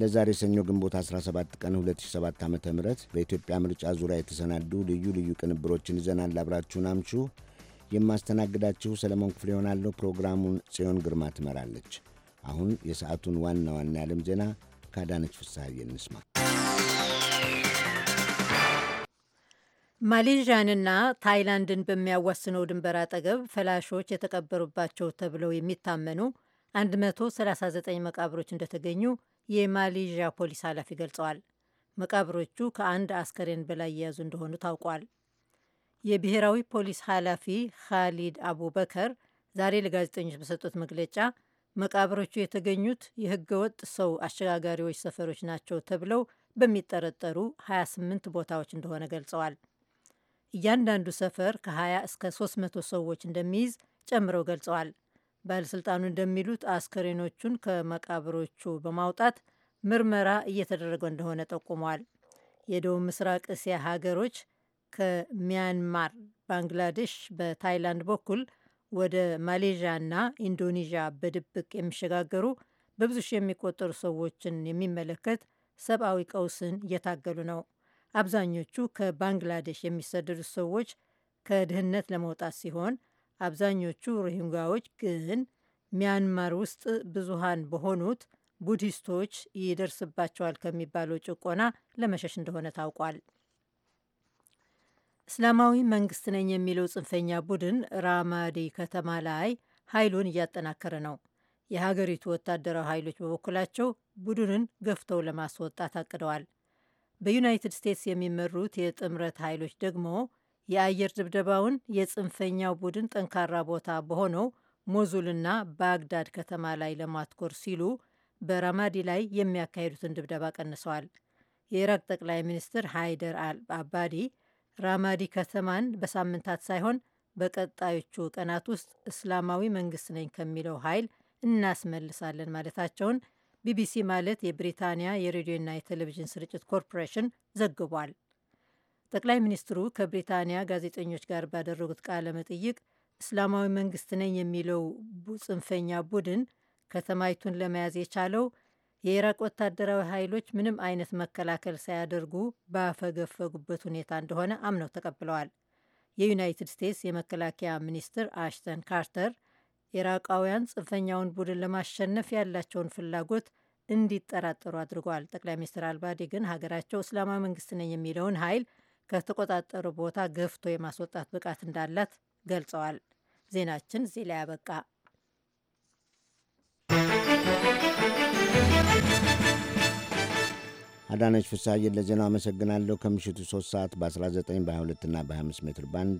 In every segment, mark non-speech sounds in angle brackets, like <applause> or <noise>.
ለዛሬ ሰኞ ግንቦት 17 ቀን 2007 ዓ ም በኢትዮጵያ ምርጫ ዙሪያ የተሰናዱ ልዩ ልዩ ቅንብሮችን ይዘናል። አብራችሁን አምሹ የማስተናግዳችሁ ሰለሞን ክፍሌ ይሆናለሁ። ፕሮግራሙን ጽዮን ግርማ ትመራለች። አሁን የሰዓቱን ዋና ዋና የዓለም ዜና ከአዳነች ፍስሐዬ እንስማ። ማሌዥያንና ታይላንድን በሚያዋስነው ድንበር አጠገብ ፈላሾች የተቀበሩባቸው ተብለው የሚታመኑ 139 መቃብሮች እንደተገኙ የማሌዥያ ፖሊስ ኃላፊ ገልጸዋል። መቃብሮቹ ከአንድ አስከሬን በላይ የያዙ እንደሆኑ ታውቋል። የብሔራዊ ፖሊስ ኃላፊ ካሊድ አቡበከር ዛሬ ለጋዜጠኞች በሰጡት መግለጫ መቃብሮቹ የተገኙት የህገወጥ ሰው አሸጋጋሪዎች ሰፈሮች ናቸው ተብለው በሚጠረጠሩ 28 ቦታዎች እንደሆነ ገልጸዋል። እያንዳንዱ ሰፈር ከ20 እስከ 300 ሰዎች እንደሚይዝ ጨምረው ገልጸዋል። ባለስልጣኑ እንደሚሉት አስከሬኖቹን ከመቃብሮቹ በማውጣት ምርመራ እየተደረገ እንደሆነ ጠቁመዋል። የደቡብ ምስራቅ እስያ ሀገሮች ከሚያንማር፣ ባንግላዴሽ በታይላንድ በኩል ወደ ና ኢንዶኔዥያ በድብቅ የሚሸጋገሩ በብዙ ሺህ የሚቆጠሩ ሰዎችን የሚመለከት ሰብአዊ ቀውስን እየታገሉ ነው። አብዛኞቹ ከባንግላዴሽ የሚሰደዱት ሰዎች ከድህነት ለመውጣት ሲሆን አብዛኞቹ ሮሂንጋዎች ግን ሚያንማር ውስጥ ብዙሃን በሆኑት ቡዲስቶች ይደርስባቸዋል ከሚባለው ጭቆና ለመሸሽ እንደሆነ ታውቋል። እስላማዊ መንግስት ነኝ የሚለው ጽንፈኛ ቡድን ራማዲ ከተማ ላይ ኃይሉን እያጠናከረ ነው። የሀገሪቱ ወታደራዊ ኃይሎች በበኩላቸው ቡድኑን ገፍተው ለማስወጣት አቅደዋል። በዩናይትድ ስቴትስ የሚመሩት የጥምረት ኃይሎች ደግሞ የአየር ድብደባውን የጽንፈኛው ቡድን ጠንካራ ቦታ በሆነው ሞዙልና ባግዳድ ከተማ ላይ ለማትኮር ሲሉ በራማዲ ላይ የሚያካሂዱትን ድብደባ ቀንሰዋል። የኢራቅ ጠቅላይ ሚኒስትር ሃይደር አል አባዲ ራማዲ ከተማን በሳምንታት ሳይሆን በቀጣዮቹ ቀናት ውስጥ እስላማዊ መንግስት ነኝ ከሚለው ኃይል እናስመልሳለን ማለታቸውን ቢቢሲ ማለት የብሪታንያ የሬዲዮና የቴሌቪዥን ስርጭት ኮርፖሬሽን ዘግቧል። ጠቅላይ ሚኒስትሩ ከብሪታንያ ጋዜጠኞች ጋር ባደረጉት ቃለ መጠይቅ እስላማዊ መንግስት ነኝ የሚለው ጽንፈኛ ቡድን ከተማይቱን ለመያዝ የቻለው የኢራቅ ወታደራዊ ኃይሎች ምንም አይነት መከላከል ሳያደርጉ ባፈገፈጉበት ሁኔታ እንደሆነ አምነው ተቀብለዋል። የዩናይትድ ስቴትስ የመከላከያ ሚኒስትር አሽተን ካርተር ኢራቃውያን ጽንፈኛውን ቡድን ለማሸነፍ ያላቸውን ፍላጎት እንዲጠራጠሩ አድርጓል። ጠቅላይ ሚኒስትር አልባዴ ግን ሀገራቸው እስላማዊ መንግስት ነኝ የሚለውን ኃይል ከተቆጣጠሩ ቦታ ገፍቶ የማስወጣት ብቃት እንዳላት ገልጸዋል። ዜናችን እዚህ ላይ አበቃ። አዳነች ፍሳየ ለዜናው አመሰግናለሁ። ከምሽቱ 3 ሰዓት በ19 በ22ና በ25 ሜትር ባንድ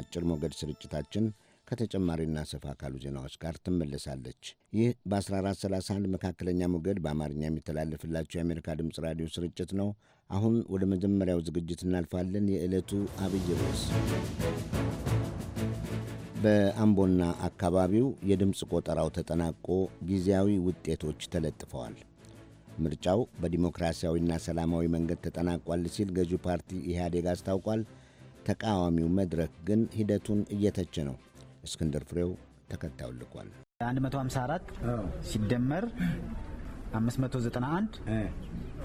አጭር ሞገድ ስርጭታችን ከተጨማሪና ሰፋ ካሉ ዜናዎች ጋር ትመለሳለች። ይህ በ1431 መካከለኛ ሞገድ በአማርኛ የሚተላለፍላቸው የአሜሪካ ድምፅ ራዲዮ ስርጭት ነው። አሁን ወደ መጀመሪያው ዝግጅት እናልፋለን። የዕለቱ አብይ ርዕስ በአምቦና አካባቢው የድምፅ ቆጠራው ተጠናቆ ጊዜያዊ ውጤቶች ተለጥፈዋል። ምርጫው በዲሞክራሲያዊና ሰላማዊ መንገድ ተጠናቋል ሲል ገዢው ፓርቲ ኢህአዴግ አስታውቋል። ተቃዋሚው መድረክ ግን ሂደቱን እየተቸ ነው። እስክንድር ፍሬው ተከታዩ ልኳል። 154 ሲደመር 591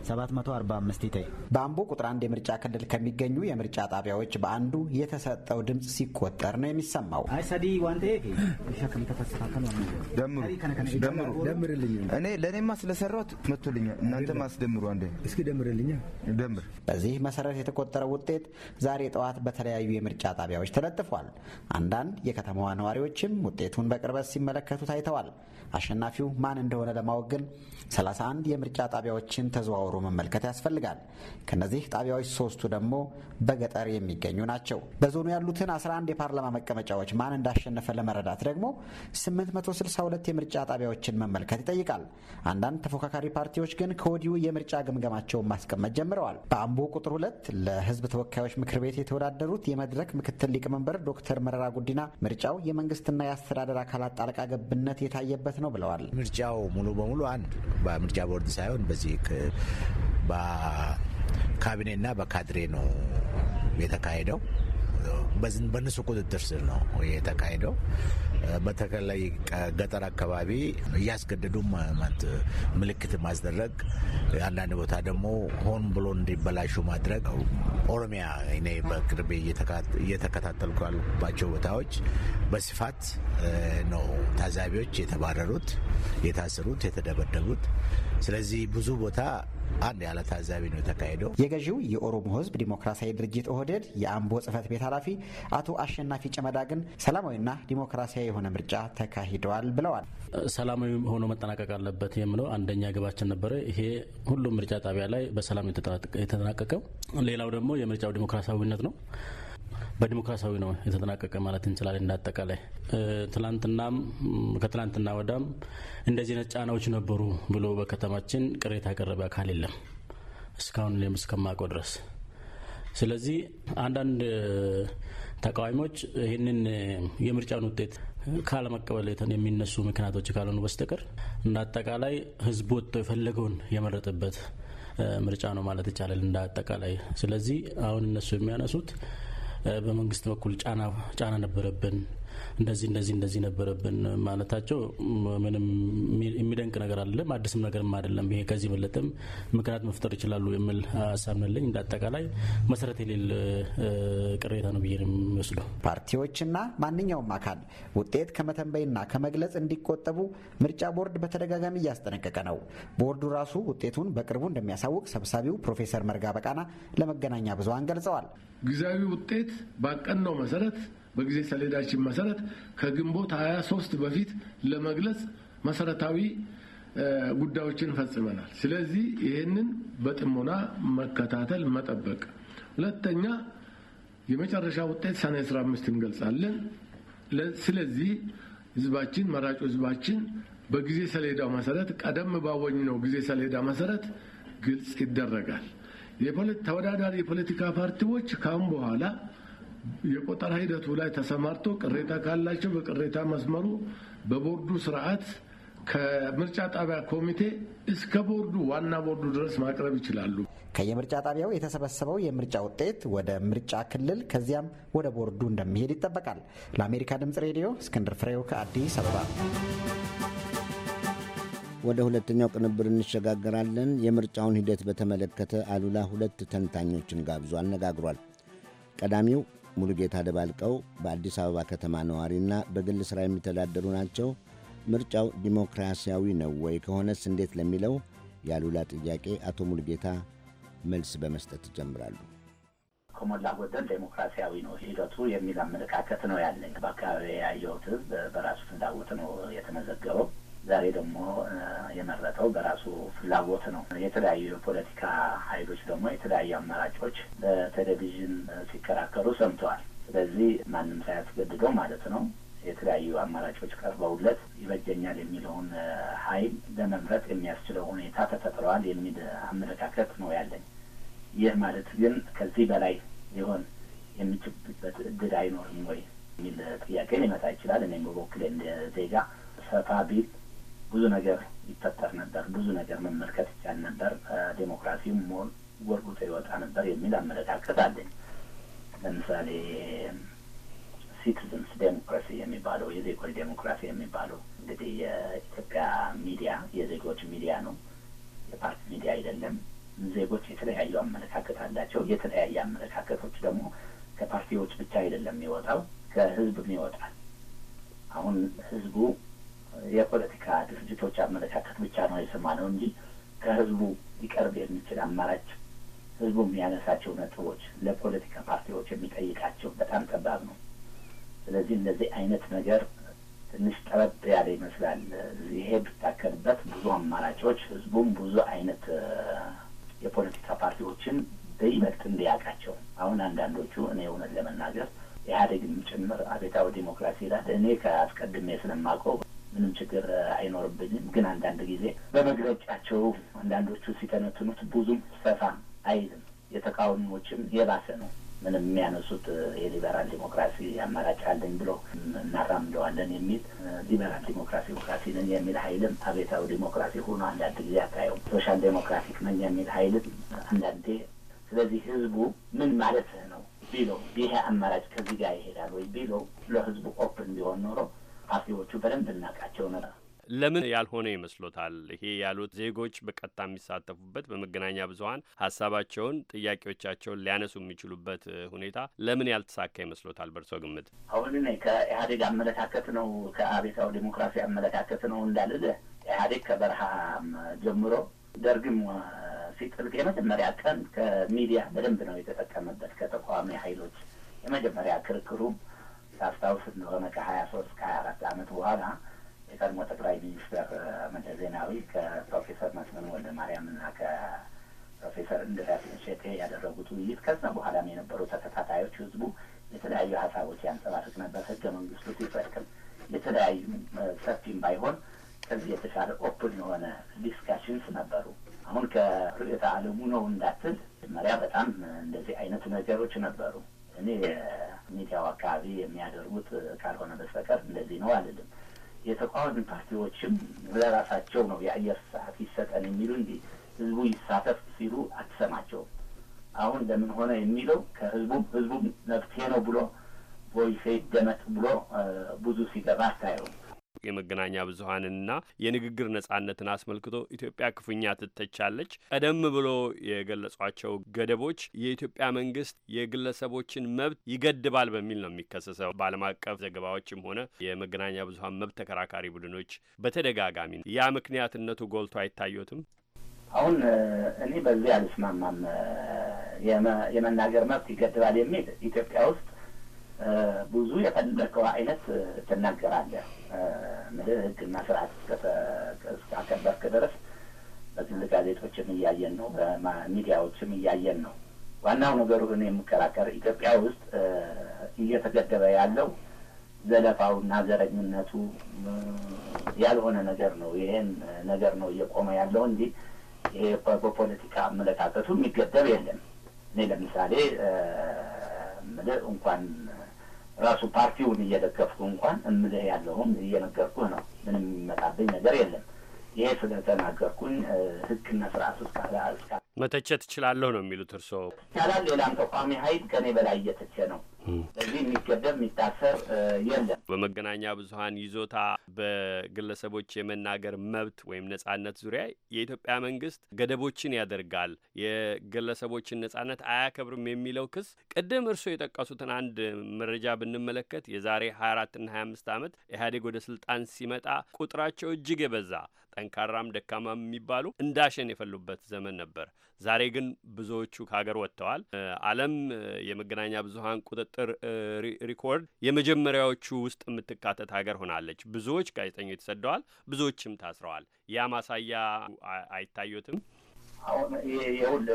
745 ይታይ በአምቦ ቁጥር አንድ የምርጫ ክልል ከሚገኙ የምርጫ ጣቢያዎች በአንዱ የተሰጠው ድምፅ ሲቆጠር ነው የሚሰማው። እኔ ለእኔማ ስለሰራሁት መቶልኛል። እናንተ ማስደምሩ አንዴ እስኪ ደምርልኛ። ደምር። በዚህ መሰረት የተቆጠረው ውጤት ዛሬ ጠዋት በተለያዩ የምርጫ ጣቢያዎች ተለጥፏል። አንዳንድ የከተማዋ ነዋሪዎችም ውጤቱን በቅርበት ሲመለከቱ ታይተዋል። አሸናፊው ማን እንደሆነ ለማወቅ ግን 31 የምርጫ ጣቢያዎችን ተዘዋውሮ መመልከት ያስፈልጋል። ከነዚህ ጣቢያዎች ሶስቱ ደግሞ በገጠር የሚገኙ ናቸው። በዞኑ ያሉትን 11 የፓርላማ መቀመጫዎች ማን እንዳሸነፈ ለመረዳት ደግሞ 862 የምርጫ ጣቢያዎችን መመልከት ይጠይቃል። አንዳንድ ተፎካካሪ ፓርቲዎች ግን ከወዲሁ የምርጫ ግምገማቸውን ማስቀመጥ ጀምረዋል። በአምቦ ቁጥር ሁለት ለህዝብ ተወካዮች ምክር ቤት የተወዳደሩት የመድረክ ምክትል ሊቀመንበር ዶክተር መረራ ጉዲና ምርጫው የመንግስትና የአስተዳደር አካላት ጣልቃ ገብነት የታየበት ነው ብለዋል። ምርጫው ሙሉ በሙሉ አንድ በምርጫ ቦርድ ሳይሆን በዚህ በካቢኔና በካድሬ ነው የተካሄደው። በእነሱ ቁጥጥር ስር ነው የተካሄደው። በተለይ ገጠር አካባቢ እያስገደዱ ምልክት ማስደረግ፣ አንዳንድ ቦታ ደግሞ ሆን ብሎ እንዲበላሹ ማድረግ። ኦሮሚያ እኔ በቅርቤ እየተከታተልኩ ያሉባቸው ቦታዎች በስፋት ነው ታዛቢዎች የተባረሩት፣ የታሰሩት፣ የተደበደቡት። ስለዚህ ብዙ ቦታ አንድ ያለ ታዛቢ ነው የተካሄደው። የገዢው የኦሮሞ ህዝብ ዲሞክራሲያዊ ድርጅት ኦህዴድ የአምቦ ጽህፈት ቤት ኃላፊ አቶ አሸናፊ ጭመዳ ግን ሰላማዊና ዲሞክራሲያዊ የሆነ ምርጫ ተካሂደዋል ብለዋል። ሰላማዊ ሆኖ መጠናቀቅ አለበት የምለው አንደኛ ግባችን ነበረ። ይሄ ሁሉም ምርጫ ጣቢያ ላይ በሰላም የተጠናቀቀው። ሌላው ደግሞ የምርጫው ዲሞክራሲያዊነት ነው። በዲሞክራሲያዊ ነው የተጠናቀቀ ማለት እንችላለን። እንዳጠቃላይ ትላንትናም ከትላንትና ወዳም እንደዚህ ነት ጫናዎች ነበሩ ብሎ በከተማችን ቅሬታ ያቀረበ አካል የለም እስካሁን እስከማውቀው ድረስ። ስለዚህ አንዳንድ ተቃዋሚዎች ይህንን የምርጫን ውጤት ካለመቀበል የሚነሱ ምክንያቶች ካልሆኑ በስተቀር እንዳጠቃላይ ህዝቡ ወጥቶ የፈለገውን የመረጠበት ምርጫ ነው ማለት ይቻላል እንዳጠቃላይ። ስለዚህ አሁን እነሱ የሚያነሱት በመንግስት በኩል ጫና ነበረብን። እንደዚህ እንደዚህ እንደዚህ ነበረብን ማለታቸው ምንም የሚደንቅ ነገር አይደለም፣ አዲስም ነገርም አይደለም። ይሄ ከዚህ በለጠም ምክንያት መፍጠር ይችላሉ የሚል ሀሳብ ነለኝ። እንደ አጠቃላይ መሰረት የሌለ ቅሬታ ነው ብዬ ነው የሚወስደው። ፓርቲዎችና ማንኛውም አካል ውጤት ከመተንበይና ከመግለጽ እንዲቆጠቡ ምርጫ ቦርድ በተደጋጋሚ እያስጠነቀቀ ነው። ቦርዱ ራሱ ውጤቱን በቅርቡ እንደሚያሳውቅ ሰብሳቢው ፕሮፌሰር መርጋ በቃና ለመገናኛ ብዙሃን ገልጸዋል። ጊዜያዊ ውጤት ባቀናው መሰረት በጊዜ ሰሌዳችን መሰረት ከግንቦት 23 በፊት ለመግለጽ መሰረታዊ ጉዳዮችን ፈጽመናል። ስለዚህ ይህንን በጥሞና መከታተል፣ መጠበቅ። ሁለተኛ የመጨረሻ ውጤት ሰኔ 15 እንገልጻለን። ስለዚህ ህዝባችን፣ መራጩ ህዝባችን በጊዜ ሰሌዳው መሰረት ቀደም ነው ጊዜ ሰሌዳ መሰረት ግልጽ ይደረጋል። ተወዳዳሪ የፖለቲካ ፓርቲዎች ካሁን በኋላ የቆጠራ ሂደቱ ላይ ተሰማርቶ ቅሬታ ካላቸው በቅሬታ መስመሩ በቦርዱ ስርዓት ከምርጫ ጣቢያ ኮሚቴ እስከ ቦርዱ ዋና ቦርዱ ድረስ ማቅረብ ይችላሉ። ከየምርጫ ጣቢያው የተሰበሰበው የምርጫ ውጤት ወደ ምርጫ ክልል ከዚያም ወደ ቦርዱ እንደሚሄድ ይጠበቃል። ለአሜሪካ ድምፅ ሬዲዮ እስክንድር ፍሬው ከአዲስ አበባ። ወደ ሁለተኛው ቅንብር እንሸጋገራለን። የምርጫውን ሂደት በተመለከተ አሉላ ሁለት ተንታኞችን ጋብዞ አነጋግሯል። ቀዳሚው ሙሉጌታ ደባልቀው በአዲስ አበባ ከተማ ነዋሪና በግል ሥራ የሚተዳደሩ ናቸው። ምርጫው ዲሞክራሲያዊ ነው ወይ ከሆነስ እንዴት ለሚለው ያሉላ ጥያቄ አቶ ሙሉጌታ መልስ በመስጠት ይጀምራሉ። ከሞላ ጎደል ዴሞክራሲያዊ ነው ሂደቱ የሚል አመለካከት ነው ያለኝ። በአካባቢ ያየሁት በራሱ ፍላጎት ነው የተመዘገበው። ዛሬ ደግሞ የመረጠው በራሱ ፍላጎት ነው። የተለያዩ የፖለቲካ ኃይሎች ደግሞ የተለያዩ አማራጮች በቴሌቪዥን ሲከራከሩ ሰምተዋል። ስለዚህ ማንም ሳያስገድደው ማለት ነው የተለያዩ አማራጮች ቀርበውለት ይበጀኛል የሚለውን ኃይል ለመምረጥ የሚያስችለው ሁኔታ ተፈጥረዋል የሚል አመለካከት ነው ያለኝ። ይህ ማለት ግን ከዚህ በላይ ሊሆን የሚችልበት እድል አይኖርም ወይ የሚል ጥያቄ ሊመጣ ይችላል። እኔም በበኩሌ እንደ ዜጋ ሰፋ ቢል ብዙ ነገር ይፈጠር ነበር፣ ብዙ ነገር መመልከት ይቻል ነበር፣ ዲሞክራሲም ሞል ጎልብቶ ይወጣ ነበር የሚል አመለካከት አለኝ። ለምሳሌ ሲቲዝንስ ዴሞክራሲ የሚባለው የዜጎች ዴሞክራሲ የሚባለው እንግዲህ የኢትዮጵያ ሚዲያ የዜጎች ሚዲያ ነው፣ የፓርቲ ሚዲያ አይደለም። ዜጎች የተለያዩ አመለካከት አላቸው። የተለያየ አመለካከቶች ደግሞ ከፓርቲዎች ብቻ አይደለም የሚወጣው፣ ከህዝብም ይወጣል። አሁን ህዝቡ የፖለቲካ ድርጅቶች አመለካከት ብቻ ነው ነው እንጂ ከህዝቡ ሊቀርብ የሚችል አማራጭ ህዝቡ የሚያነሳቸው ነጥቦች ለፖለቲካ ፓርቲዎች የሚጠይቃቸው በጣም ጠባብ ነው። ስለዚህ እንደዚህ አይነት ነገር ትንሽ ጠበብ ያለ ይመስላል። ይሄ ብታከልበት ብዙ አማራጮች ህዝቡም ብዙ አይነት የፖለቲካ ፓርቲዎችን በይበልጥ እንዲያውቃቸው አሁን አንዳንዶቹ እኔ እውነት ለመናገር ኢህአዴግም ጭምር አቤታዊ ዲሞክራሲ ይላል። እኔ ከአስቀድሜ ስለማውቀው ምንም ችግር አይኖርብኝም። ግን አንዳንድ ጊዜ በመግለጫቸው አንዳንዶቹ ሲተነትኑት ብዙም ሰፋ አይልም። የተቃዋሚዎችም የባሰ ነው። ምንም የሚያነሱት የሊበራል ዲሞክራሲ አማራጭ አለኝ ብሎ እናራምደዋለን የሚል ሊበራል ዲሞክራሲ ዲሞክራሲ ነን የሚል ኃይልም አቤታዊ ዲሞክራሲ ሆኖ አንዳንድ ጊዜ አታየውም። ሶሻል ዴሞክራቲክ ነን የሚል ኃይልም አንዳንዴ። ስለዚህ ህዝቡ ምን ማለት ነው ቢለው ይሄ አማራጭ ከዚህ ጋር ይሄዳል ወይ ቢለው ለህዝቡ ኦፕን ቢሆን ኖረው ፓርቲዎቹ በደንብ እናቃቸው ነበር። ለምን ያልሆነ ይመስሎታል? ይሄ ያሉት ዜጎች በቀጥታ የሚሳተፉበት በመገናኛ ብዙኃን ሀሳባቸውን፣ ጥያቄዎቻቸውን ሊያነሱ የሚችሉበት ሁኔታ ለምን ያልተሳካ ይመስሎታል? በእርሶ ግምት አሁን ከኢህአዴግ አመለካከት ነው ከአብዮታዊ ዴሞክራሲ አመለካከት ነው እንዳልል ኢህአዴግ ከበረሃ ጀምሮ ደርግም ሲጥልቅ የመጀመሪያ ቀን ከሚዲያ በደንብ ነው የተጠቀመበት ከተቃዋሚ ኃይሎች የመጀመሪያ ክርክሩም ሳስታውስ እንደሆነ ከሀያ ሶስት ከሀያ አራት አመት በኋላ የቀድሞ ጠቅላይ ሚኒስትር መለስ ዜናዊ ከፕሮፌሰር መስፍን ወልደ ማርያምና ከፕሮፌሰር እንድሪያስ እሸቴ ያደረጉት ውይይት ከዛ በኋላም የነበሩ ተከታታዮች ህዝቡ የተለያዩ ሀሳቦች ያንጸባርቅ ነበር። ህገ መንግስቱ ሲጸድቅም የተለያዩ ሰፊም ባይሆን ከዚህ የተሻለ ኦፕን የሆነ ዲስካሽንስ ነበሩ። አሁን ከርዕዮተ ዓለሙ ነው እንዳትል መሪያ በጣም እንደዚህ አይነት ነገሮች ነበሩ እኔ ያው አካባቢ የሚያደርጉት ካልሆነ በስተቀር እንደዚህ ነው አልልም። የተቃዋሚ ፓርቲዎችም ለራሳቸው ነው የአየር ሰዓት ይሰጠን የሚሉ እንጂ ህዝቡ ይሳተፍ ሲሉ አትሰማቸውም። አሁን ለምን ሆነ የሚለው ከህዝቡም ህዝቡም መብቴ ነው ብሎ ቮይሴ ይደመጥ ብሎ ብዙ ሲገባ አታየውም። የመገናኛ ብዙሀንንና የንግግር ነጻነትን አስመልክቶ ኢትዮጵያ ክፉኛ ትተቻለች። ቀደም ብሎ የገለጿቸው ገደቦች የኢትዮጵያ መንግስት የግለሰቦችን መብት ይገድባል በሚል ነው የሚከሰሰው። በዓለም አቀፍ ዘገባዎችም ሆነ የመገናኛ ብዙሀን መብት ተከራካሪ ቡድኖች በተደጋጋሚ ያ ምክንያትነቱ ጎልቶ አይታዩትም። አሁን እኔ በዚህ አልስማማም። የመናገር መብት ይገድባል የሚል ኢትዮጵያ ውስጥ ብዙ የፈለከው አይነት ትናገራለህ። ምልህ ህግና ስርዓት እስካከበርክ ድረስ በትልቅ ጋዜጦችም እያየን ነው፣ በሚዲያዎችም እያየን ነው። ዋናው ነገሩ ግን የምከራከር ኢትዮጵያ ውስጥ እየተገደበ ያለው ዘለፋውና ዘረኝነቱ ያልሆነ ነገር ነው። ይሄን ነገር ነው እየቆመ ያለው እንጂ ይሄ በፖለቲካ አመለካከቱ የሚገደብ የለም። እኔ ለምሳሌ ምልህ እንኳን ራሱ ፓርቲውን እየደገፍኩ እንኳን እምልህ ያለውን እየነገርኩህ ነው። ምንም የሚመጣብኝ ነገር የለም። ይሄ ስለተናገርኩኝ ሕግና ስርዓት እስካለ እስካ መተቸት እችላለሁ ነው የሚሉት እርስዎ ይቻላል። ሌላም ተቋሚ ሀይል ከኔ በላይ እየተቸ ነው። ስለዚህ የሚገደብ የሚታሰር የለም። በመገናኛ ብዙኃን ይዞታ በግለሰቦች የመናገር መብት ወይም ነጻነት ዙሪያ የኢትዮጵያ መንግስት ገደቦችን ያደርጋል፣ የግለሰቦችን ነጻነት አያከብርም የሚለው ክስ ቅድም እርስዎ የጠቀሱትን አንድ መረጃ ብንመለከት የዛሬ 24 እና አምስት አመት ኢህአዴግ ወደ ስልጣን ሲመጣ ቁጥራቸው እጅግ የበዛ ጠንካራም ደካማም የሚባሉ እንዳሸን የፈሉበት ዘመን ነበር። ዛሬ ግን ብዙዎቹ ከሀገር ወጥተዋል። ዓለም የመገናኛ ብዙሀን ቁጥጥር ሪኮርድ የመጀመሪያዎቹ ውስጥ የምትካተት ሀገር ሆናለች። ብዙዎች ጋዜጠኞች ተሰደዋል፣ ብዙዎችም ታስረዋል። ያ ማሳያ አይታዩትም። አሁን የሁል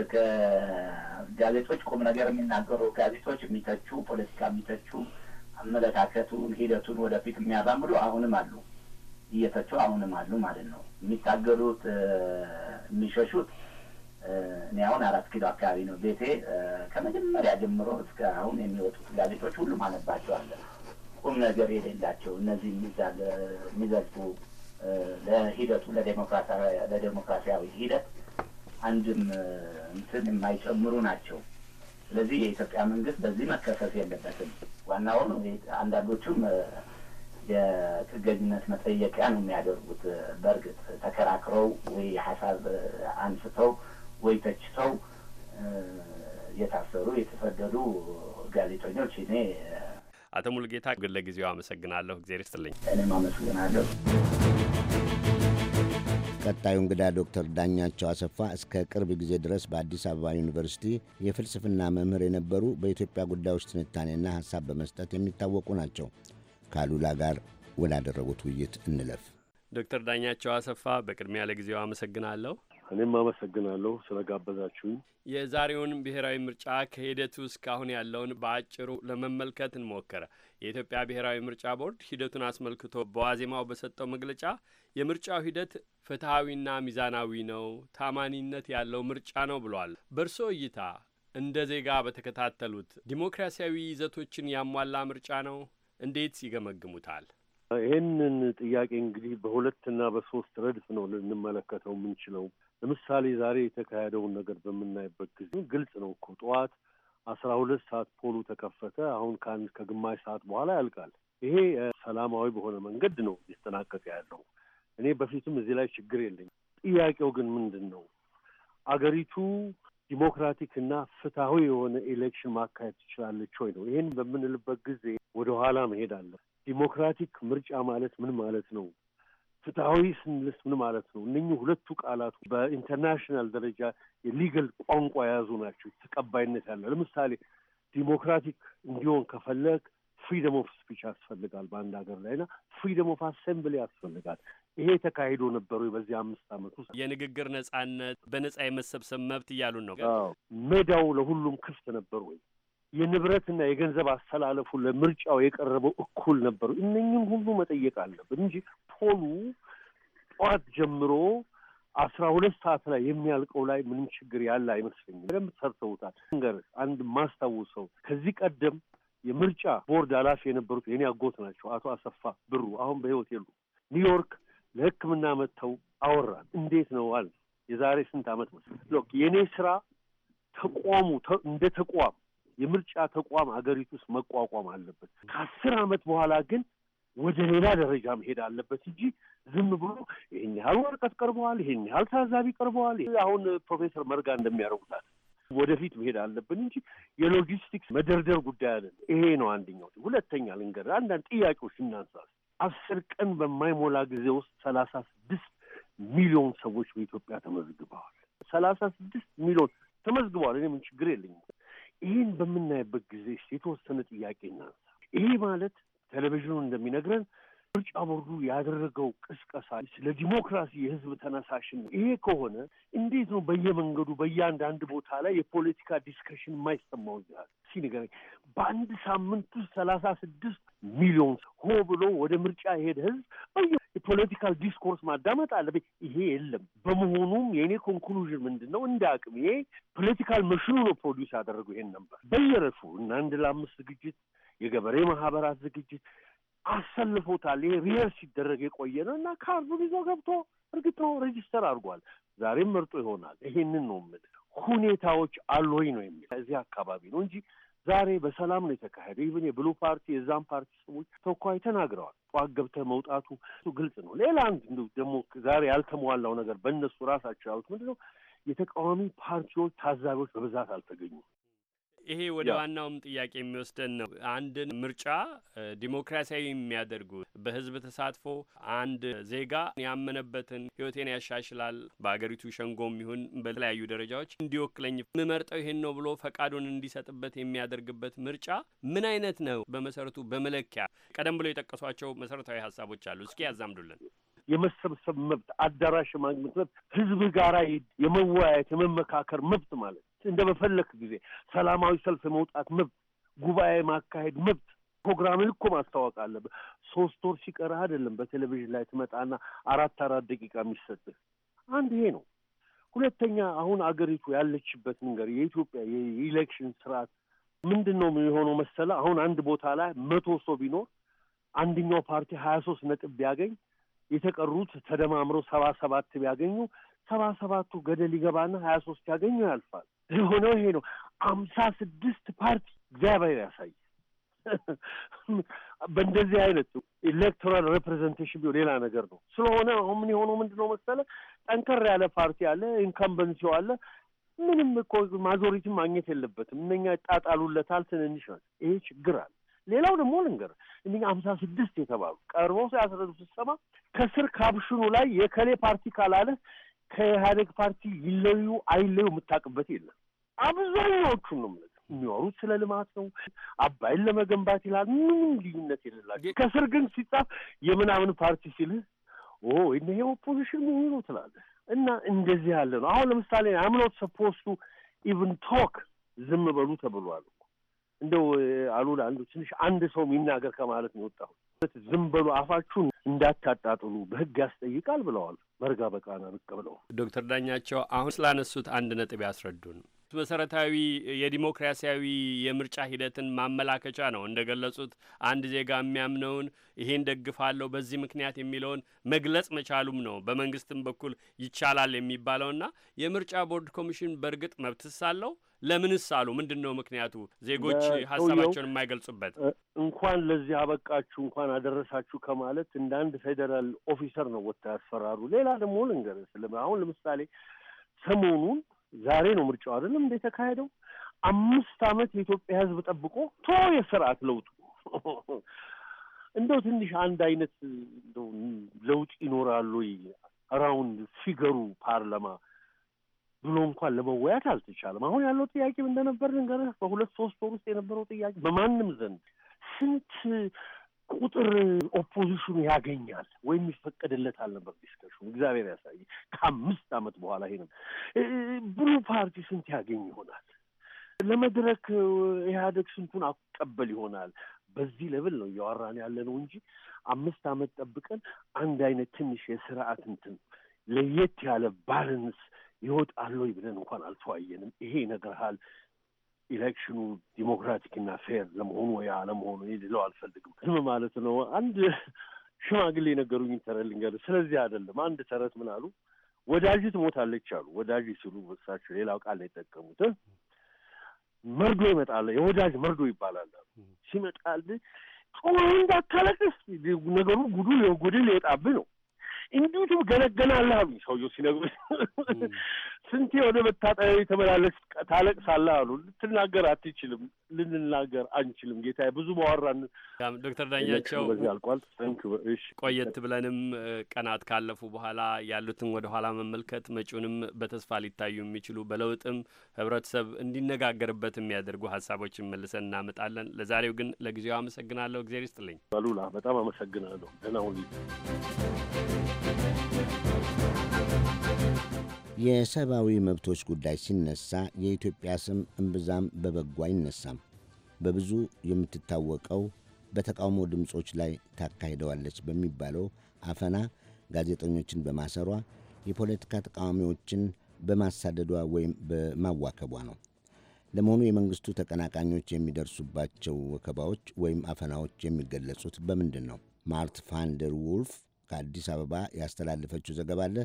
ጋዜጦች ቁም ነገር የሚናገሩ ጋዜጦች የሚተቹ ፖለቲካ የሚተቹ አመለካከቱን ሂደቱን ወደፊት የሚያራምዱ አሁንም አሉ። እየተቹ አሁንም አሉ ማለት ነው። የሚታገሉት የሚሸሹት እኔ አሁን አራት ኪሎ አካባቢ ነው ቤቴ። ከመጀመሪያ ጀምሮ እስከ አሁን የሚወጡት ጋዜጦች ሁሉም አነባቸዋለሁ። ቁም ነገር የሌላቸው እነዚህ የሚዘልፉ ለሂደቱ ለዴሞክራሲያዊ ሂደት አንድም እንትን የማይጨምሩ ናቸው። ስለዚህ የኢትዮጵያ መንግስት በዚህ መከሰስ የለበትም። ዋናውን አንዳንዶቹም የጥገኝነት መጠየቂያ ነው የሚያደርጉት። በእርግጥ ተከራክረው ወይ ሀሳብ አንስተው ወይ ተችተው የታሰሩ የተሰደዱ ጋዜጠኞች እኔ አቶ ሙልጌታ ግን ለጊዜው አመሰግናለሁ። እግዜር ይስጥልኝ። እኔም አመሰግናለሁ። ቀጣዩ እንግዳ ዶክተር ዳኛቸው አሰፋ እስከ ቅርብ ጊዜ ድረስ በአዲስ አበባ ዩኒቨርሲቲ የፍልስፍና መምህር የነበሩ በኢትዮጵያ ጉዳዮች ትንታኔና ሀሳብ በመስጠት የሚታወቁ ናቸው። ካሉላ ጋር ወዳደረጉት ውይይት እንለፍ። ዶክተር ዳኛቸው አሰፋ በቅድሚያ ለጊዜው አመሰግናለሁ። እኔም አመሰግናለሁ ስለጋበዛችሁኝ። የዛሬውን ብሔራዊ ምርጫ ከሂደቱ እስካሁን ያለውን በአጭሩ ለመመልከት እንሞከረ። የኢትዮጵያ ብሔራዊ ምርጫ ቦርድ ሂደቱን አስመልክቶ በዋዜማው በሰጠው መግለጫ የምርጫው ሂደት ፍትሐዊና ሚዛናዊ ነው፣ ታማኒነት ያለው ምርጫ ነው ብሏል። በእርሶ እይታ እንደ ዜጋ በተከታተሉት ዲሞክራሲያዊ ይዘቶችን ያሟላ ምርጫ ነው? እንዴት ይገመግሙታል? ይህንን ጥያቄ እንግዲህ በሁለትና በሶስት ረድፍ ነው ልንመለከተው የምንችለው። ለምሳሌ ዛሬ የተካሄደውን ነገር በምናይበት ጊዜ ግልጽ ነው እኮ ጠዋት አስራ ሁለት ሰዓት ፖሉ ተከፈተ። አሁን ከአንድ ከግማሽ ሰዓት በኋላ ያልቃል። ይሄ ሰላማዊ በሆነ መንገድ ነው እየተጠናቀቀ ያለው። እኔ በፊትም እዚህ ላይ ችግር የለኝ ጥያቄው ግን ምንድን ነው? አገሪቱ ዲሞክራቲክ እና ፍትሐዊ የሆነ ኤሌክሽን ማካሄድ ትችላለች ወይ ነው። ይህን በምንልበት ጊዜ ወደ ኋላ መሄድ አለ። ዲሞክራቲክ ምርጫ ማለት ምን ማለት ነው? ፍትሐዊ ስንልስ ምን ማለት ነው? እነኚህ ሁለቱ ቃላት በኢንተርናሽናል ደረጃ የሊገል ቋንቋ የያዙ ናቸው፣ ተቀባይነት ያለ ለምሳሌ ዲሞክራቲክ እንዲሆን ከፈለግ ፍሪደም ኦፍ ስፒች ያስፈልጋል በአንድ ሀገር ላይ ና ፍሪደም ኦፍ አሴምብሊ ያስፈልጋል። ይሄ ተካሂዶ ነበሩ በዚህ አምስት አመት ውስጥ የንግግር ነጻነት፣ በነጻ የመሰብሰብ መብት እያሉን ነው። ሜዳው ለሁሉም ክፍት ነበር ወይ? የንብረትና የገንዘብ አስተላለፉ ለምርጫው የቀረበው እኩል ነበሩ? እነኝም ሁሉ መጠየቅ አለብን እንጂ ፖሉ ጠዋት ጀምሮ አስራ ሁለት ሰዓት ላይ የሚያልቀው ላይ ምንም ችግር ያለ አይመስለኝም። በደንብ ሰርተውታል። ንገር አንድ ማስታውሰው ከዚህ ቀደም የምርጫ ቦርድ ኃላፊ የነበሩት የኔ አጎት ናቸው፣ አቶ አሰፋ ብሩ አሁን በህይወት የሉ። ኒውዮርክ ለህክምና መጥተው አወራን። እንዴት ነው አለ። የዛሬ ስንት ዓመት መሰለህ። ሎክ የእኔ ስራ ተቋሙ እንደ ተቋም የምርጫ ተቋም ሀገሪቱ ውስጥ መቋቋም አለበት። ከአስር ዓመት በኋላ ግን ወደ ሌላ ደረጃ መሄድ አለበት እንጂ ዝም ብሎ ይህን ያህል ወረቀት ቀርበዋል፣ ይህን ያህል ታዛቢ ቀርበዋል፣ አሁን ፕሮፌሰር መርጋ እንደሚያደርጉታል ወደፊት መሄድ አለብን እንጂ የሎጂስቲክስ መደርደር ጉዳይ አይደለም። ይሄ ነው አንደኛው። ሁለተኛ ልንገር፣ አንዳንድ ጥያቄዎች እናንሳ። አስር ቀን በማይሞላ ጊዜ ውስጥ ሰላሳ ስድስት ሚሊዮን ሰዎች በኢትዮጵያ ተመዝግበዋል። ሰላሳ ስድስት ሚሊዮን ተመዝግበዋል። እኔ ምን ችግር የለኝም። ይህን በምናይበት ጊዜ የተወሰነ ጥያቄ እናንሳ። ይሄ ማለት ቴሌቪዥኑ እንደሚነግረን ምርጫ ቦርዱ ያደረገው ቅስቀሳ ስለ ዲሞክራሲ የህዝብ ተነሳሽነት ይሄ ከሆነ እንዴት ነው በየመንገዱ በየአንዳንድ ቦታ ላይ የፖለቲካ ዲስከሽን የማይሰማው? ይላል በአንድ ሳምንት ውስጥ ሰላሳ ስድስት ሚሊዮን ሆ ብሎ ወደ ምርጫ የሄደ ህዝብ የፖለቲካል ዲስኮርስ ማዳመጥ አለ ይሄ የለም። በመሆኑም የእኔ ኮንክሉዥን ምንድን ነው? እንደ አቅም ይሄ ፖለቲካል መሽኑ ነው ፕሮዲውስ ያደረገው ይሄን ነበር። በየረፉ እና አንድ ለአምስት ዝግጅት፣ የገበሬ ማህበራት ዝግጅት አሰልፎታል። ይሄ ሪየር ሲደረግ የቆየ ነው እና ካርዱን ይዞ ገብቶ እርግጥ ነው ሬጂስተር አድርጓል። ዛሬም መርጦ ይሆናል። ይሄንን ነው የምልህ። ሁኔታዎች አልሆኝ ነው የሚል እዚህ አካባቢ ነው እንጂ ዛሬ በሰላም ነው የተካሄደ። ይብን የብሉ ፓርቲ የዛም ፓርቲ ሰዎች ተኳይ ተናግረዋል። ጠዋት ገብተህ መውጣቱ ግልጽ ነው። ሌላ አንድ ደግሞ ዛሬ ያልተሟላው ነገር በእነሱ ራሳቸው ያሉት ምንድን ነው? የተቃዋሚ ፓርቲዎች ታዛቢዎች በብዛት አልተገኙም። ይሄ ወደ ዋናውም ጥያቄ የሚወስደን ነው። አንድን ምርጫ ዲሞክራሲያዊ የሚያደርጉ በህዝብ ተሳትፎ አንድ ዜጋ ያመነበትን ህይወቴን ያሻሽላል በሀገሪቱ ሸንጎም ይሁን በተለያዩ ደረጃዎች እንዲወክለኝ የምመርጠው ይሄን ነው ብሎ ፈቃዱን እንዲሰጥበት የሚያደርግበት ምርጫ ምን አይነት ነው? በመሰረቱ በመለኪያ ቀደም ብሎ የጠቀሷቸው መሰረታዊ ሀሳቦች አሉ። እስኪ ያዛምዱልን። የመሰብሰብ መብት፣ አዳራሽ ማግኘት መብት፣ ህዝብ ጋራ የመወያየት የመመካከር መብት ማለት እንደ በፈለክ ጊዜ ሰላማዊ ሰልፍ መውጣት መብት፣ ጉባኤ ማካሄድ መብት። ፕሮግራምን እኮ ማስታወቅ አለብህ። ሶስት ወር ሲቀርህ አይደለም በቴሌቪዥን ላይ ትመጣና አራት አራት ደቂቃ የሚሰጥህ አንድ ይሄ ነው። ሁለተኛ አሁን አገሪቱ ያለችበት ንገር የኢትዮጵያ የኢሌክሽን ስርዓት ምንድን ነው የሆነው መሰለ? አሁን አንድ ቦታ ላይ መቶ ሰው ቢኖር አንድኛው ፓርቲ ሀያ ሶስት ነጥብ ቢያገኝ የተቀሩት ተደማምሮ ሰባ ሰባት ቢያገኙ ሰባ ሰባቱ ገደል ይገባና ሀያ ሶስት ያገኙ ያልፋል። የሆነው ይሄ ነው። አምሳ ስድስት ፓርቲ እግዚአብሔር ያሳይ። በእንደዚህ አይነት ኤሌክቶራል ሬፕሬዘንቴሽን ቢሆን ሌላ ነገር ነው። ስለሆነ አሁን ምን የሆነው ምንድን ነው መሰለ፣ ጠንከር ያለ ፓርቲ አለ፣ ኢንከምበንሲ አለ። ምንም እኮ ማጆሪቲ ማግኘት የለበትም። እነኛ ይጣጣሉለታል። ትንንሽ ናት። ይሄ ችግር አለ። ሌላው ደግሞ ልንገር እኔ አምሳ ስድስት የተባሉ ቀርቦ ያስረዱ ስሰማ ከስር ካብሽኑ ላይ የከሌ ፓርቲ ካላለ ከኢህአዴግ ፓርቲ ይለዩ አይለዩ የምታውቅበት የለም። አብዛኛዎቹ ነው ምለ የሚወሩት ስለ ልማት ነው። አባይን ለመገንባት ይላል። ምንም ልዩነት የሌላቸው ከስር ግን ሲጻፍ የምናምን ፓርቲ ሲልህ ኦ ይሄ የኦፖዚሽን ምን ነው ትላለህ። እና እንደዚህ ያለ ነው። አሁን ለምሳሌ አምኖት ሰፖስቱ ኢቭን ቶክ ዝም በሉ ተብሏል። እንደው አሉ ለአንዱ ትንሽ አንድ ሰው የሚናገር ከማለት ነው የወጣሁት። ዝም በሉ አፋችሁን እንዳታጣጥሉ በህግ ያስጠይቃል ብለዋል። መርጋ በቃና ብቅ ብለው ዶክተር ዳኛቸው አሁን ስላነሱት አንድ ነጥብ ያስረዱን። መሰረታዊ የዲሞክራሲያዊ የምርጫ ሂደትን ማመላከቻ ነው። እንደ ገለጹት አንድ ዜጋ የሚያምነውን ይሄን ደግፋለሁ በዚህ ምክንያት የሚለውን መግለጽ መቻሉም ነው በመንግስትም በኩል ይቻላል የሚባለውና የምርጫ ቦርድ ኮሚሽን በእርግጥ መብትስ አለው? ለምንስ አሉ? ምንድን ነው ምክንያቱ? ዜጎች ሀሳባቸውን የማይገልጹበት እንኳን ለዚህ አበቃችሁ እንኳን አደረሳችሁ ከማለት እንደ አንድ ፌዴራል ኦፊሰር ነው ወታ ያስፈራሩ። ሌላ ደግሞ ልንገርህ፣ አሁን ለምሳሌ ሰሞኑን ዛሬ ነው ምርጫው አይደለም እንደ የተካሄደው። አምስት ዓመት የኢትዮጵያ ህዝብ ጠብቆ ቶ የስርዓት ለውጡ <laughs> እንደው ትንሽ አንድ አይነት እንደው ለውጥ ይኖራሉ አራውንድ ራውንድ ፊገሩ ፓርላማ ብሎ እንኳን ለመወያት አልተቻለም። አሁን ያለው ጥያቄ እንደነበር ንገረ በሁለት ሶስት ወር ውስጥ የነበረው ጥያቄ በማንም ዘንድ ስንት ቁጥር ኦፖዚሽኑ ያገኛል ወይም ይፈቀድለታል ነበር ዲስከሽኑ። እግዚአብሔር ያሳይ። ከአምስት ዓመት በኋላ ይሄ ነው ብሉ ፓርቲ ስንት ያገኝ ይሆናል? ለመድረክ ኢህአደግ ስንቱን አቀበል ይሆናል? በዚህ ለብል ነው እያወራን ያለ ነው እንጂ አምስት ዓመት ጠብቀን አንድ አይነት ትንሽ የስርዓት እንትን ለየት ያለ ባለንስ ይወጣል ወይ ብለን እንኳን አልተዋየንም። ይሄ ይነግርሃል ኢሌክሽኑ ዲሞክራቲክ እና ፌር ለመሆኑ ወይ አለመሆኑ ሌለው አልፈልግም። ዝም ማለት ነው። አንድ ሽማግሌ የነገሩኝ ተረት ልንገርህ። ስለዚህ አይደለም አንድ ተረት ምን አሉ፣ ወዳጅ ትሞታለች አሉ። ወዳጅ ሲሉ እሳቸው ሌላው ቃል ነው የጠቀሙት። መርዶ ይመጣል፣ የወዳጅ መርዶ ይባላል። ሲመጣልህ ጮኸህ እንዳታለቅስ ነገሩ ጉዱ ጎድል ሊወጣብህ ነው እንዲሁ ገለገናለህ አሉኝ። ሰውየው ሲነግሩ ስንቴ ወደ መታጠቢያ የተመላለስ ታለቅሳለህ አሉ። ልትናገር አትችልም፣ ልንናገር አንችልም ጌታ ብዙ ማወራን ዶክተር ዳኛቸው በዚህ አልቋል። ቆየት ብለንም ቀናት ካለፉ በኋላ ያሉትን ወደ ኋላ መመልከት መጪውንም በተስፋ ሊታዩ የሚችሉ በለውጥም ህብረተሰብ እንዲነጋገርበት የሚያደርጉ ሀሳቦችን መልሰን እናመጣለን። ለዛሬው ግን ለጊዜው አመሰግናለሁ። እግዜር ይስጥልኝ። በሉላ በጣም አመሰግናለሁ። Thank you. የሰብአዊ መብቶች ጉዳይ ሲነሳ የኢትዮጵያ ስም እምብዛም በበጎ አይነሳም። በብዙ የምትታወቀው በተቃውሞ ድምፆች ላይ ታካሂደዋለች በሚባለው አፈና፣ ጋዜጠኞችን በማሰሯ፣ የፖለቲካ ተቃዋሚዎችን በማሳደዷ ወይም በማዋከቧ ነው። ለመሆኑ የመንግስቱ ተቀናቃኞች የሚደርሱባቸው ወከባዎች ወይም አፈናዎች የሚገለጹት በምንድን ነው? ማርት ፋንደር ውልፍ ከአዲስ አበባ ያስተላለፈችው ዘገባ አለ።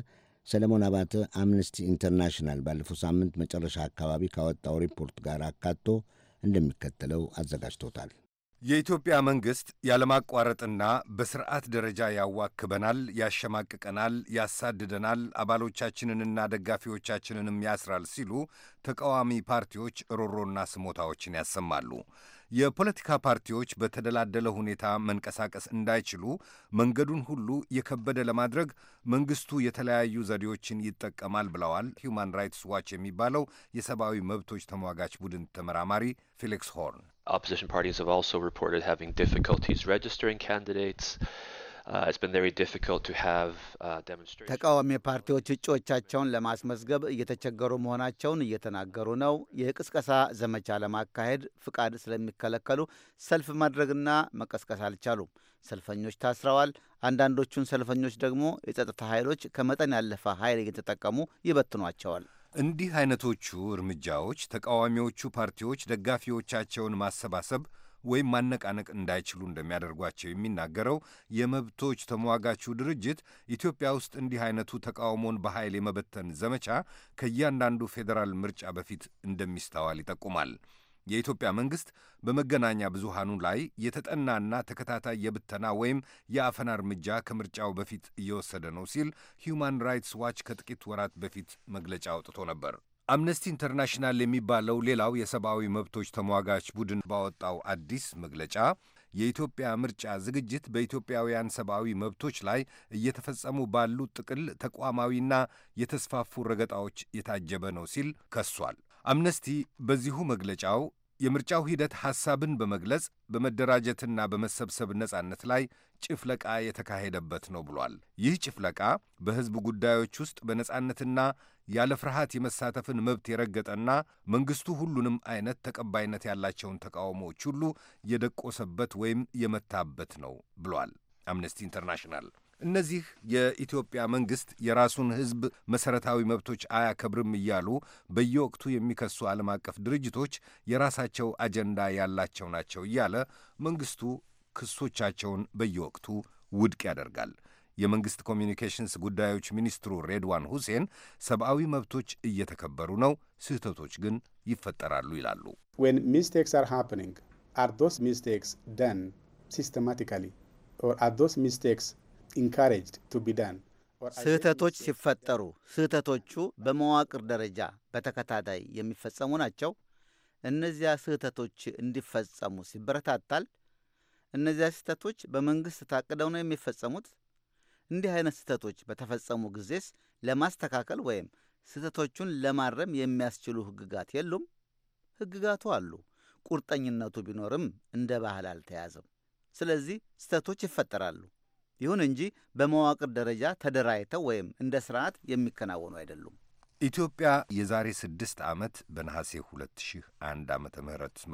ሰለሞን አባተ አምነስቲ ኢንተርናሽናል ባለፈው ሳምንት መጨረሻ አካባቢ ካወጣው ሪፖርት ጋር አካቶ እንደሚከተለው አዘጋጅቶታል። የኢትዮጵያ መንግሥት ያለማቋረጥና በሥርዓት ደረጃ ያዋክበናል፣ ያሸማቅቀናል፣ ያሳድደናል፣ አባሎቻችንንና ደጋፊዎቻችንንም ያስራል ሲሉ ተቃዋሚ ፓርቲዎች ሮሮና ስሞታዎችን ያሰማሉ። የፖለቲካ ፓርቲዎች በተደላደለ ሁኔታ መንቀሳቀስ እንዳይችሉ መንገዱን ሁሉ የከበደ ለማድረግ መንግስቱ የተለያዩ ዘዴዎችን ይጠቀማል ብለዋል ሂውማን ራይትስ ዋች የሚባለው የሰብአዊ መብቶች ተሟጋች ቡድን ተመራማሪ ፊሊክስ ሆርን። opposition parties have also reported having difficulties registering candidates. Uh, uh, ተቃዋሚ ፓርቲዎች እጩዎቻቸውን ለማስመዝገብ እየተቸገሩ መሆናቸውን እየተናገሩ ነው። የቅስቀሳ ዘመቻ ለማካሄድ ፍቃድ ስለሚከለከሉ ሰልፍ ማድረግና መቀስቀስ አልቻሉም። ሰልፈኞች ታስረዋል። አንዳንዶቹን ሰልፈኞች ደግሞ የጸጥታ ኃይሎች ከመጠን ያለፈ ኃይል እየተጠቀሙ ይበትኗቸዋል። እንዲህ አይነቶቹ እርምጃዎች ተቃዋሚዎቹ ፓርቲዎች ደጋፊዎቻቸውን ማሰባሰብ ወይም ማነቃነቅ እንዳይችሉ እንደሚያደርጓቸው የሚናገረው የመብቶች ተሟጋቹ ድርጅት ኢትዮጵያ ውስጥ እንዲህ አይነቱ ተቃውሞን በኃይል የመበተን ዘመቻ ከእያንዳንዱ ፌዴራል ምርጫ በፊት እንደሚስተዋል ይጠቁማል። የኢትዮጵያ መንግሥት በመገናኛ ብዙሃኑ ላይ የተጠናና ተከታታይ የብተና ወይም የአፈና እርምጃ ከምርጫው በፊት እየወሰደ ነው ሲል ሂዩማን ራይትስ ዋች ከጥቂት ወራት በፊት መግለጫ አውጥቶ ነበር። አምነስቲ ኢንተርናሽናል የሚባለው ሌላው የሰብአዊ መብቶች ተሟጋች ቡድን ባወጣው አዲስ መግለጫ የኢትዮጵያ ምርጫ ዝግጅት በኢትዮጵያውያን ሰብአዊ መብቶች ላይ እየተፈጸሙ ባሉ ጥቅል ተቋማዊና የተስፋፉ ረገጣዎች የታጀበ ነው ሲል ከሷል። አምነስቲ በዚሁ መግለጫው የምርጫው ሂደት ሐሳብን በመግለጽ በመደራጀትና በመሰብሰብ ነጻነት ላይ ጭፍለቃ የተካሄደበት ነው ብሏል። ይህ ጭፍለቃ በሕዝብ ጉዳዮች ውስጥ በነጻነትና ያለ ፍርሃት የመሳተፍን መብት የረገጠና መንግሥቱ ሁሉንም አይነት ተቀባይነት ያላቸውን ተቃውሞዎች ሁሉ የደቆሰበት ወይም የመታበት ነው ብሏል አምነስቲ ኢንተርናሽናል። እነዚህ የኢትዮጵያ መንግሥት የራሱን ሕዝብ መሠረታዊ መብቶች አያከብርም እያሉ በየወቅቱ የሚከሱ ዓለም አቀፍ ድርጅቶች የራሳቸው አጀንዳ ያላቸው ናቸው እያለ መንግሥቱ ክሶቻቸውን በየወቅቱ ውድቅ ያደርጋል። የመንግሥት ኮሚኒኬሽንስ ጉዳዮች ሚኒስትሩ ሬድዋን ሁሴን ሰብአዊ መብቶች እየተከበሩ ነው፣ ስህተቶች ግን ይፈጠራሉ ይላሉ። ዌን ሚስቴክስ አር ሃፕኒንግ አር ዶስ ሚስቴክስ ደን ሲስተማቲካሊ ኦር አር ዶስ ሚስቴክስ ስህተቶች ሲፈጠሩ ስህተቶቹ በመዋቅር ደረጃ በተከታታይ የሚፈጸሙ ናቸው። እነዚያ ስህተቶች እንዲፈጸሙ ሲበረታታል። እነዚያ ስህተቶች በመንግሥት ታቅደው ነው የሚፈጸሙት። እንዲህ አይነት ስህተቶች በተፈጸሙ ጊዜስ ለማስተካከል ወይም ስህተቶቹን ለማረም የሚያስችሉ ሕግጋት የሉም። ሕግጋቱ አሉ። ቁርጠኝነቱ ቢኖርም እንደ ባህል አልተያዘም። ስለዚህ ስህተቶች ይፈጠራሉ። ይሁን እንጂ በመዋቅር ደረጃ ተደራጅተው ወይም እንደ ስርዓት የሚከናወኑ አይደሉም። ኢትዮጵያ የዛሬ ስድስት ዓመት በነሐሴ 2001 ዓ ም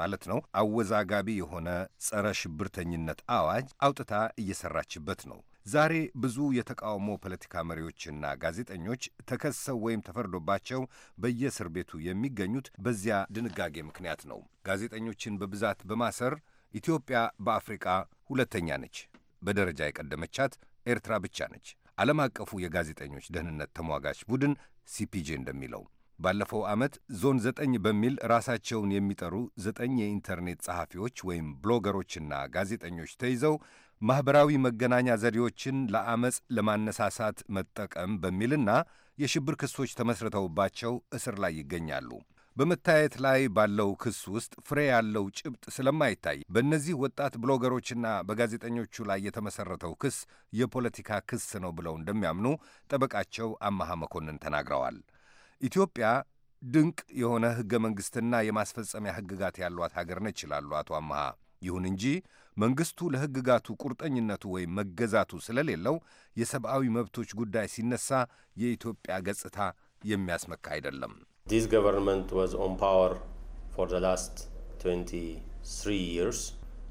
ማለት ነው አወዛጋቢ የሆነ ጸረ ሽብርተኝነት አዋጅ አውጥታ እየሰራችበት ነው። ዛሬ ብዙ የተቃውሞ ፖለቲካ መሪዎችና ጋዜጠኞች ተከሰው ወይም ተፈርዶባቸው በየእስር ቤቱ የሚገኙት በዚያ ድንጋጌ ምክንያት ነው። ጋዜጠኞችን በብዛት በማሰር ኢትዮጵያ በአፍሪቃ ሁለተኛ ነች። በደረጃ የቀደመቻት ኤርትራ ብቻ ነች። ዓለም አቀፉ የጋዜጠኞች ደህንነት ተሟጋች ቡድን ሲፒጄ እንደሚለው ባለፈው ዓመት ዞን ዘጠኝ በሚል ራሳቸውን የሚጠሩ ዘጠኝ የኢንተርኔት ጸሐፊዎች ወይም ብሎገሮችና ጋዜጠኞች ተይዘው ማኅበራዊ መገናኛ ዘዴዎችን ለዐመፅ ለማነሳሳት መጠቀም በሚልና የሽብር ክሶች ተመስርተውባቸው እስር ላይ ይገኛሉ። በመታየት ላይ ባለው ክስ ውስጥ ፍሬ ያለው ጭብጥ ስለማይታይ በእነዚህ ወጣት ብሎገሮችና በጋዜጠኞቹ ላይ የተመሰረተው ክስ የፖለቲካ ክስ ነው ብለው እንደሚያምኑ ጠበቃቸው አመሃ መኮንን ተናግረዋል። ኢትዮጵያ ድንቅ የሆነ ሕገ መንግሥትና የማስፈጸሚያ ሕግጋት ያሏት ሀገር ነች ይላሉ አቶ አመሃ። ይሁን እንጂ መንግስቱ ለሕግጋቱ ቁርጠኝነቱ ወይም መገዛቱ ስለሌለው የሰብአዊ መብቶች ጉዳይ ሲነሳ የኢትዮጵያ ገጽታ የሚያስመካ አይደለም። This government was on power for the last 23 years,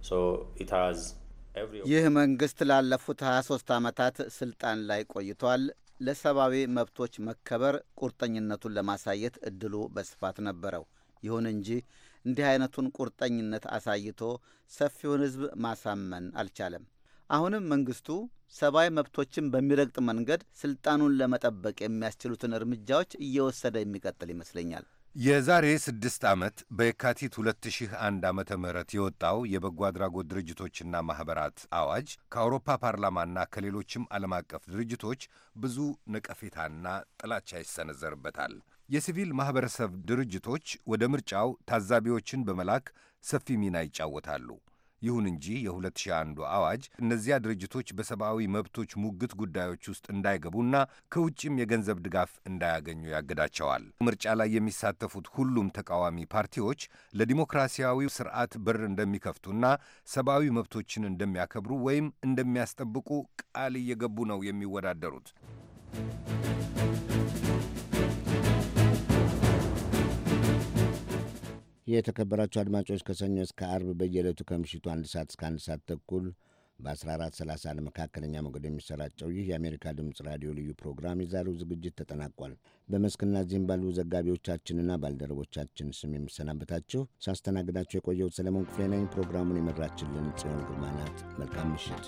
so it has ይህ መንግስት ላለፉት 23 ዓመታት ስልጣን ላይ ቆይቷል። ለሰብአዊ መብቶች መከበር ቁርጠኝነቱን ለማሳየት እድሉ በስፋት ነበረው። ይሁን እንጂ እንዲህ አይነቱን ቁርጠኝነት አሳይቶ ሰፊውን ህዝብ ማሳመን አልቻለም። አሁንም መንግስቱ ሰብአዊ መብቶችን በሚረግጥ መንገድ ስልጣኑን ለመጠበቅ የሚያስችሉትን እርምጃዎች እየወሰደ የሚቀጥል ይመስለኛል። የዛሬ ስድስት ዓመት በየካቲት 2001 ዓ ም የወጣው የበጎ አድራጎት ድርጅቶችና ማኅበራት አዋጅ ከአውሮፓ ፓርላማና ከሌሎችም ዓለም አቀፍ ድርጅቶች ብዙ ነቀፌታና ጥላቻ ይሰነዘርበታል። የሲቪል ማኅበረሰብ ድርጅቶች ወደ ምርጫው ታዛቢዎችን በመላክ ሰፊ ሚና ይጫወታሉ። ይሁን እንጂ የ2001 አዋጅ እነዚያ ድርጅቶች በሰብአዊ መብቶች ሙግት ጉዳዮች ውስጥ እንዳይገቡና ከውጭም የገንዘብ ድጋፍ እንዳያገኙ ያግዳቸዋል። ምርጫ ላይ የሚሳተፉት ሁሉም ተቃዋሚ ፓርቲዎች ለዲሞክራሲያዊ ስርዓት በር እንደሚከፍቱና ሰብአዊ መብቶችን እንደሚያከብሩ ወይም እንደሚያስጠብቁ ቃል እየገቡ ነው የሚወዳደሩት። የተከበራቸው አድማጮች ከሰኞ እስከ አርብ በየዕለቱ ከምሽቱ አንድ ሰዓት እስከ አንድ ሰዓት ተኩል በ1430 መካከለኛ ሞገድ የሚሰራጨው ይህ የአሜሪካ ድምፅ ራዲዮ ልዩ ፕሮግራም የዛሬው ዝግጅት ተጠናቋል። በመስክና እዚህም ባሉ ዘጋቢዎቻችንና ባልደረቦቻችን ስም የሚሰናበታቸው ሳስተናግዳቸው የቆየሁት ሰለሞን ክፍሌ ነኝ። ፕሮግራሙን የመራችልን ጽዮን ግርማ ናት። መልካም ምሽት።